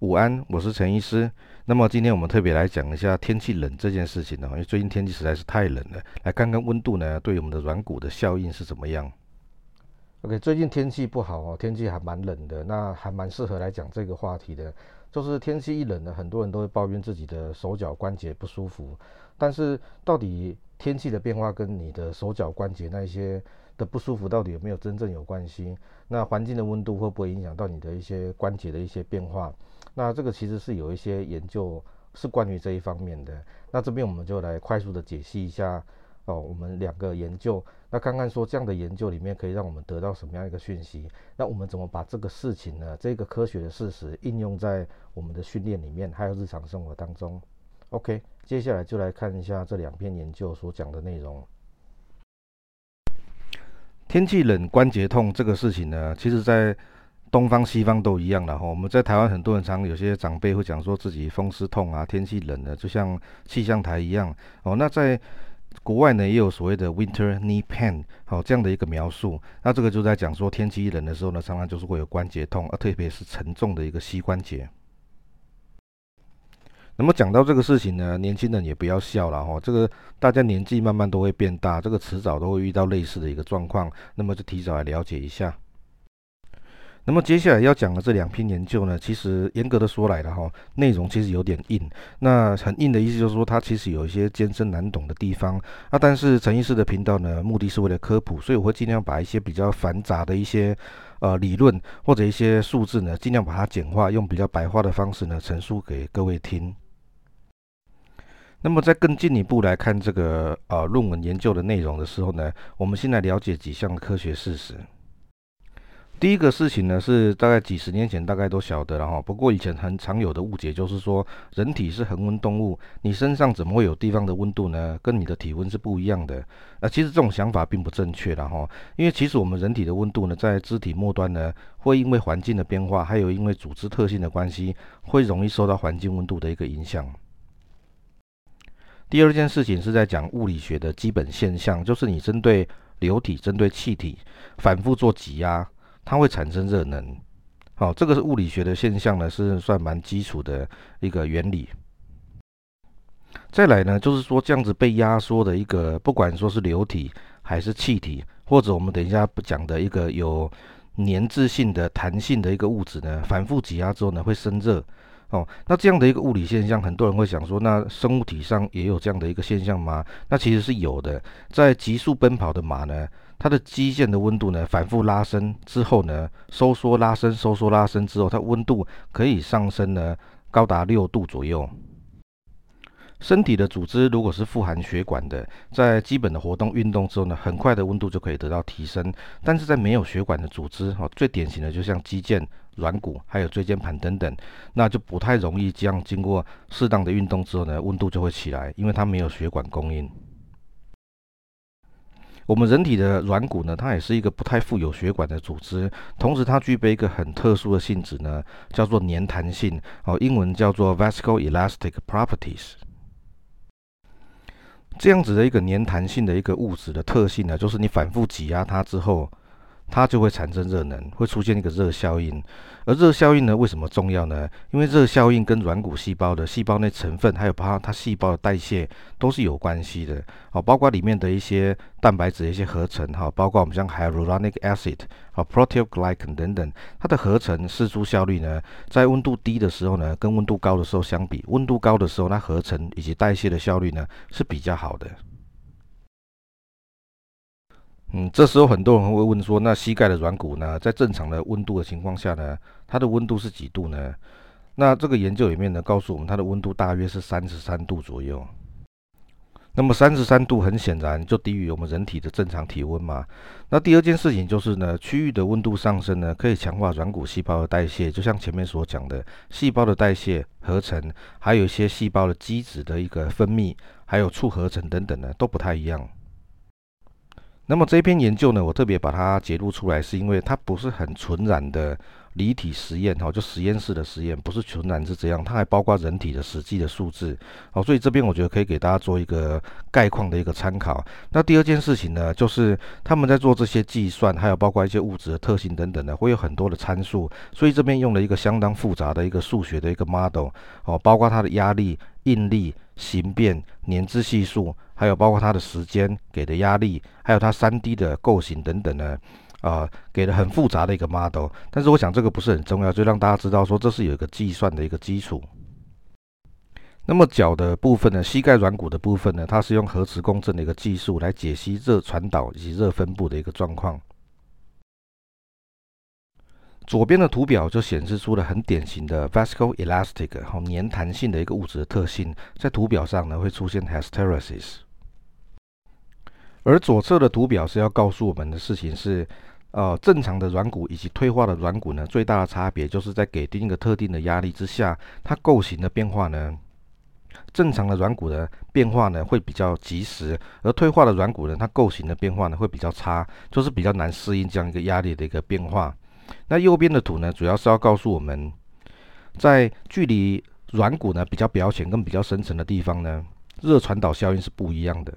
午安，我是陳醫師。那麼今天我們特別來講一下天氣冷這件事情呢，因為最近天氣實在是太冷了。來看看溫度呢，對我們的軟骨的效應是怎麼樣？OK，最近天氣不好哦，天氣還蠻冷的，那還蠻適合來講這個話題的。就是天氣一冷呢，很多人都會抱怨自己的手腳關節不舒服。但是到底天氣的變化跟你的手腳關節那一些的不舒服到底有沒有真正有關係？那環境的溫度會不會影響到你的一些關節的一些變化？那這個其實是有一些研究是關於這一方面的。那這邊我們就來快速的解析一下哦，我們兩個研究。那看看說這樣的研究裡面可以讓我們得到什麼樣一個訊息？那我們怎麼把這個事情呢？這個科學的事實應用在我們的訓練裡面，還有日常生活當中。OK，接下來就來看一下這兩篇研究所講的內容。天氣冷，關節痛這個事情呢，其實在。東方西方都一樣的哈，我們在台灣很多人常有些長輩會講說自己風濕痛啊，天氣冷了，就像氣象台一樣哦。那在國外呢，也有所謂的 Winter Knee Pain 這樣的一個描述。那這個就在講說天氣一冷的時候呢，常常就是會有關節痛啊，特別是沉重的一個膝關節。那麼講到這個事情呢，年輕人也不要笑了哈，這個大家年紀慢慢都會變大，這個遲早都會遇到類似的一個狀況，那麼就提早來了解一下。那麼接下來要講的這兩篇研究呢，其實嚴格的說來的話，內容其實有點硬。那很硬的意思就是說，它其實有一些艱深難懂的地方啊。但是陳醫師的頻道呢，目的是為了科普，所以我會盡量把一些比較繁雜的一些呃理論或者一些數字呢，盡量把它簡化，用比較白話的方式呢陳述給各位聽。那麼在更進一步來看這個呃論文研究的內容的時候呢，我們先來了解幾項科學事實。第一個事情呢，是大概幾十年前大概都曉得了哈。不過以前很常有的誤解就是說，人體是恆溫動物，你身上怎麼會有地方的溫度呢？跟你的體溫是不一樣的。那、啊、其實這種想法並不正確了哈，因為其實我們人體的溫度呢，在肢體末端呢，會因為環境的變化，還有因為組織特性的關係，會容易受到環境溫度的一個影響。第二件事情是在講物理學的基本現象，就是你針對流體、針對氣體，反覆做擠壓。它會產生熱能，好、哦，這個是物理學的現象呢，是算蠻基礎的一個原理。再來呢，就是說這樣子被壓縮的一個，不管說是流體還是氣體，或者我們等一下不講的一個有粘滯性的彈性的一個物質呢，反復擠壓之後呢，會生熱。哦，那這樣的一個物理現象，很多人會想說，那生物體上也有這樣的一個現象嗎？那其實是有的，在急速奔跑的馬呢，它的肌腱的溫度呢，反復拉伸之後呢，收縮拉伸，收縮拉伸之後，它溫度可以上升呢，高達六度左右。身體的組織如果是富含血管的，在基本的活動運動之後呢，很快的溫度就可以得到提升。但是在沒有血管的組織，最典型的就像肌腱、軟骨、還有椎間盤等等，那就不太容易這樣經過適當的運動之後呢，溫度就會起來，因為它沒有血管供應。我們人體的軟骨呢，它也是一個不太富有血管的組織，同時它具備一個很特殊的性質呢，叫做粘彈性哦，英文叫做 viscoelastic properties。這樣子的一個粘彈性的一個物質的特性呢、啊，就是你反覆擠壓它之後。它就會產生熱能，會出現一個熱效應。而熱效應呢，為什麼重要呢？因為熱效應跟軟骨細胞的細胞內成分，還有包括它細胞的代謝都是有關係的。好，包括裡面的一些蛋白質的一些合成，哈，包括我們像 hyaluronic acid，好，proteoglycan 等等，它的合成、釋出效率呢，在溫度低的時候呢，跟溫度高的時候相比，溫度高的時候，它合成以及代謝的效率呢，是比較好的。嗯，這時候很多人會問說，那膝蓋的軟骨呢？在正常的溫度的情況下呢，它的溫度是幾度呢？那這個研究裡面呢，告訴我們它的溫度大約是三十三度左右。那麼三十三度很顯然就低於我們人體的正常體溫嘛。那第二件事情就是呢，區域的溫度上升呢，可以強化軟骨細胞的代謝，就像前面所講的，細胞的代謝、合成，還有一些細胞的基質的一個分泌，還有促合成等等呢，都不太一樣。那麼這一篇研究呢，我特別把它截錄出來，是因為它不是很純然的離體實驗，哈，就實驗室的實驗，不是純然是這樣，它還包括人體的實際的數字，好，所以這邊我覺得可以給大家做一個概況的一個參考。那第二件事情呢，就是他們在做這些計算，還有包括一些物質的特性等等的，會有很多的參數，所以這邊用了一個相當複雜的一個數學的一個 model，哦，包括它的壓力、應力。形變、黏滯係數，還有包括它的時間給的壓力，還有它三 D 的構型等等呢，啊、呃，給的很複雜的一個 model。但是我想這個不是很重要，就讓大家知道說，這是有一個計算的一個基礎。那麼腳的部分呢，膝蓋軟骨的部分呢，它是用核磁共振的一個技術來解析熱傳導以及熱分布的一個狀況。左邊的圖表就顯示出了很典型的 v a s c o e l a s t i c 後粘彈性的一個物質的特性，在圖表上呢會出現 hysteresis。而左側的圖表是要告訴我們的事情是，呃，正常的軟骨以及退化的軟骨呢，最大的差別就是在給定一個特定的壓力之下，它構型的變化呢，正常的軟骨的變化呢會比較及時，而退化的軟骨呢，它構型的變化呢會比較差，就是比較難適應這樣一個壓力的一個變化。那右邊的圖呢，主要是要告訴我們，在距離軟骨呢比較表淺跟比較深層的地方呢，熱傳導效應是不一樣的。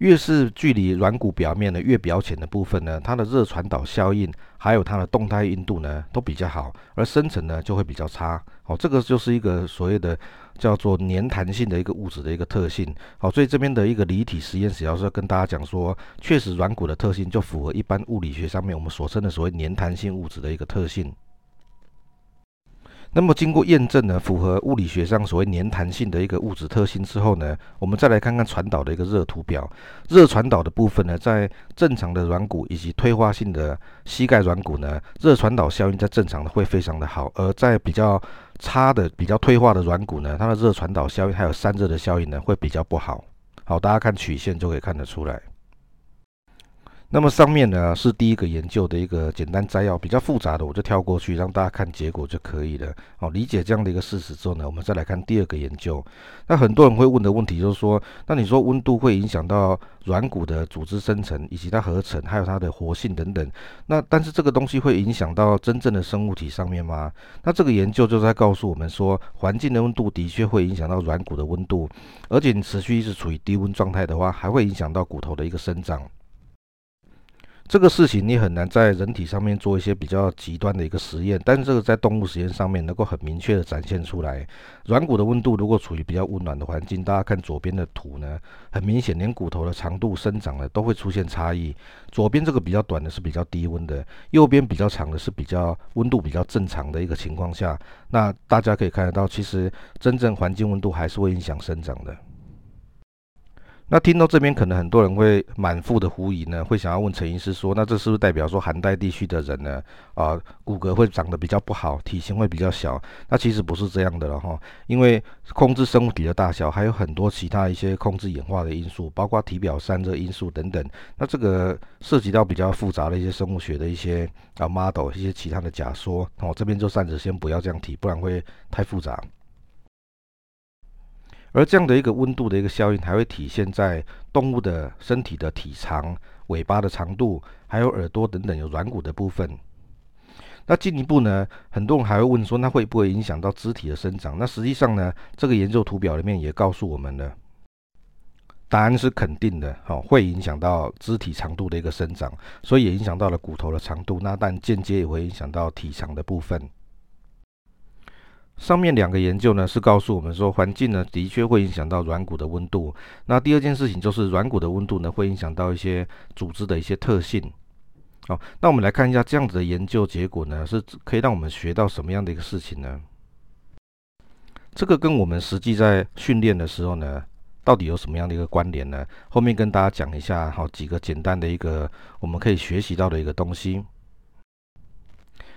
越是距離軟骨表面的越表淺的部分呢，它的熱傳導效應還有它的動態硬度呢，都比較好，而深層呢就會比較差。哦，這個就是一個所謂的叫做粘彈性的一個物質的一個特性。好、哦，所以這邊的一個離體實驗主要是要跟大家講說，確實軟骨的特性就符合一般物理學上面我們所稱的所謂粘彈性物質的一個特性。那麼經過驗證呢，符合物理學上所謂粘彈性的一個物質特性之後呢，我們再來看看傳導的一個熱圖表。熱傳導的部分呢，在正常的軟骨以及退化性的膝蓋軟骨呢，熱傳導效應在正常的會非常的好，而在比較差的、比較退化的軟骨呢，它的熱傳導效應還有散熱的效應呢，會比較不好。好，大家看曲線就可以看得出來。那麼上面呢是第一個研究的一個簡單摘要，比較複雜的我就跳過去，讓大家看結果就可以了。好，理解這樣的一個事實之後呢，我們再來看第二個研究。那很多人會問的問題就是說，那你說溫度會影響到軟骨的組織生成以及它合成，還有它的活性等等。那但是這個東西會影響到真正的生物體上面嗎？那這個研究就在告訴我們說，環境的溫度的確會影響到軟骨的溫度，而且你持續一直處於低溫狀態的話，還會影響到骨頭的一個生長。這個事情你很難在人體上面做一些比較極端的一個實驗，但是這個在動物實驗上面能夠很明確的展現出來。軟骨的溫度如果處於比較溫暖的環境，大家看左邊的圖呢，很明顯連骨頭的長度生長呢都會出現差異。左邊這個比較短的是比較低溫的，右邊比較長的是比較溫度比較正常的一個情況下，那大家可以看得到，其實真正環境溫度還是會影響生長的。那聽到這邊，可能很多人會滿腹的狐疑呢，會想要問陳醫師說，那這是不是代表說寒帶地區的人呢，啊，骨骼會長得比較不好，體型會比較小？那其實不是這樣的了哈，因為控制生物體的大小還有很多其他一些控制演化的因素，包括體表散熱因素等等。那這個涉及到比較複雜的一些生物學的一些啊 model，一些其他的假說哦，這邊就暫時先不要這樣提，不然會太複雜。而這樣的一個溫度的一個效應，還會體現在動物的身體的體長、尾巴的長度，還有耳朵等等有軟骨的部分。那進一步呢，很多人還會問說，那會不會影響到肢體的生長？那實際上呢，這個研究圖表裡面也告訴我們了，答案是肯定的，哈，會影響到肢體長度的一個生長，所以也影響到了骨頭的長度。那但間接也會影響到體長的部分。上面兩個研究呢，是告訴我們說，環境呢的確會影響到軟骨的溫度。那第二件事情就是，軟骨的溫度呢，會影響到一些組織的一些特性。好，那我們來看一下這樣子的研究結果呢，是可以讓我們學到什麼樣的一個事情呢？這個跟我們實際在訓練的時候呢，到底有什麼樣的一個關聯呢？後面跟大家講一下，好幾個簡單的一個我們可以學習到的一個東西。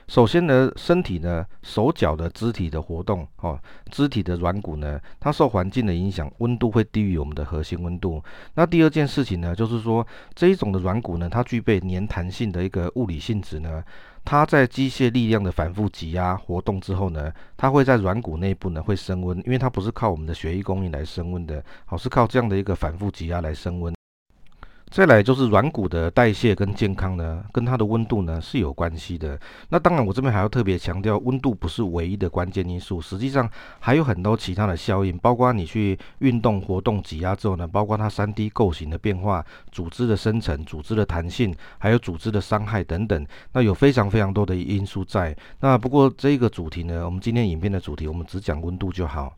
首先呢，身體呢，手腳的肢體的活動哦，肢體的軟骨呢，它受環境的影響，溫度會低於我們的核心溫度。那第二件事情呢，就是說這一種的軟骨呢，它具備粘彈性的一個物理性質呢，它在機械力量的反覆擠壓活動之後呢，它會在軟骨內部呢會升溫，因為它不是靠我們的血液供應來升溫的，而是靠這樣的一個反覆擠壓來升溫。再來就是軟骨的代謝跟健康呢，跟它的溫度呢是有關係的。那當然，我這邊還要特別強調，溫度不是唯一的關鍵因素，實際上還有很多其他的效應，包括你去運動活動擠壓之後呢，包括它三 D 構型的變化、組織的生成、組織的彈性，還有組織的傷害等等。那有非常非常多的因素在。那不過這個主題呢，我們今天影片的主題，我們只講溫度就好。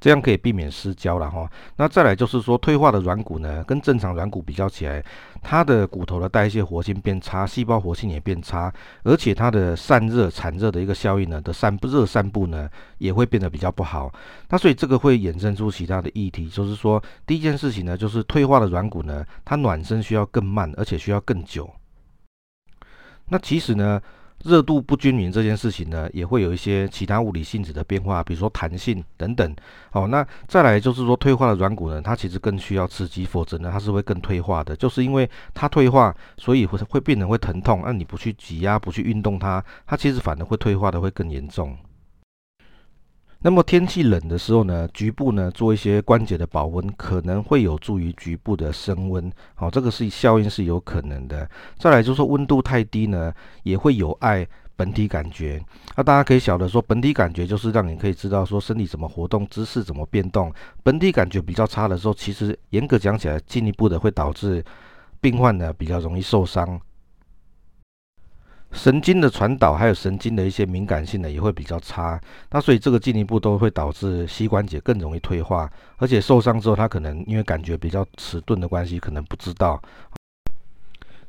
這樣可以避免失焦了哈。那再來就是說，退化的軟骨呢，跟正常軟骨比較起來，它的骨頭的代謝活性變差，細胞活性也變差，而且它的散熱、產熱的一個效應呢，的散熱、散布呢，也會變得比較不好。那所以這個會衍生出其他的議題，就是說，第一件事情呢，就是退化的軟骨呢，它暖身需要更慢，而且需要更久。那其實呢？熱度不均勻這件事情呢，也會有一些其他物理性質的變化，比如說彈性等等。好、哦，那再來就是說，退化的軟骨呢，它其實更需要刺激，否則呢，它是會更退化的。就是因為它退化，所以會會變得會疼痛。那、啊、你不去擠壓、啊，不去運動它，它其實反而會退化的會更嚴重。那麼天氣冷的時候呢，局部呢做一些關節的保溫，可能會有助於局部的升溫。好、哦，這個是效應是有可能的。再來就是說溫度太低呢，也會有礙本體感覺。那、啊、大家可以曉得說，本體感覺就是讓你可以知道說身體怎麼活動，姿勢怎麼變動。本體感覺比較差的時候，其實嚴格講起來，進一步的會導致病患呢比較容易受傷。神經的傳導還有神經的一些敏感性呢，也會比較差。那所以這個進一步都會導致膝關節更容易退化，而且受傷之後，他可能因為感覺比較遲鈍的關係，可能不知道。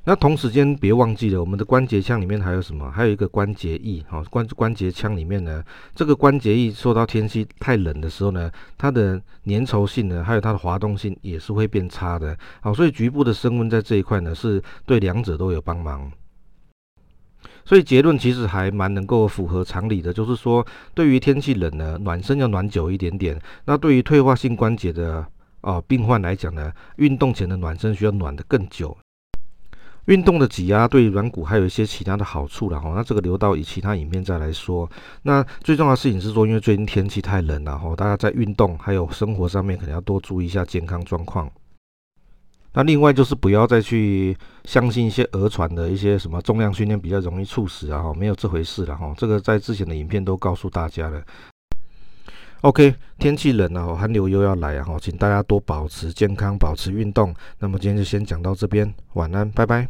那同時間別忘記了，我們的關節腔裡面還有什麼？還有一個關節液。好，關關節腔裡面呢，這個關節液受到天氣太冷的時候呢，它的粘稠性呢，還有它的滑動性也是會變差的。好，所以局部的升溫在這一塊呢，是對兩者都有幫忙。所以結論其實還蠻能夠符合常理的，就是說對於天氣冷，對於天氣冷暖身要暖久一點點。那對於退化性關節的啊、呃、病患來講呢，運動前的暖身需要暖得更久。運動的擠壓對軟骨還有一些其他的好處，然後哈。那這個留到以其他影片再來說。那最重要的事情是說，因為最近天氣太冷了哈，大家在運動還有生活上面可能要多注意一下健康狀況。那另外就是不要再去相信一些訛傳的一些什麼重量訓練比較容易猝死啊，沒有這回事了哈。這個在之前的影片都告訴大家了。OK，天氣冷了，寒流又要來啊，哈，請大家多保持健康，保持運動。那麼今天就先講到這邊，晚安，拜拜。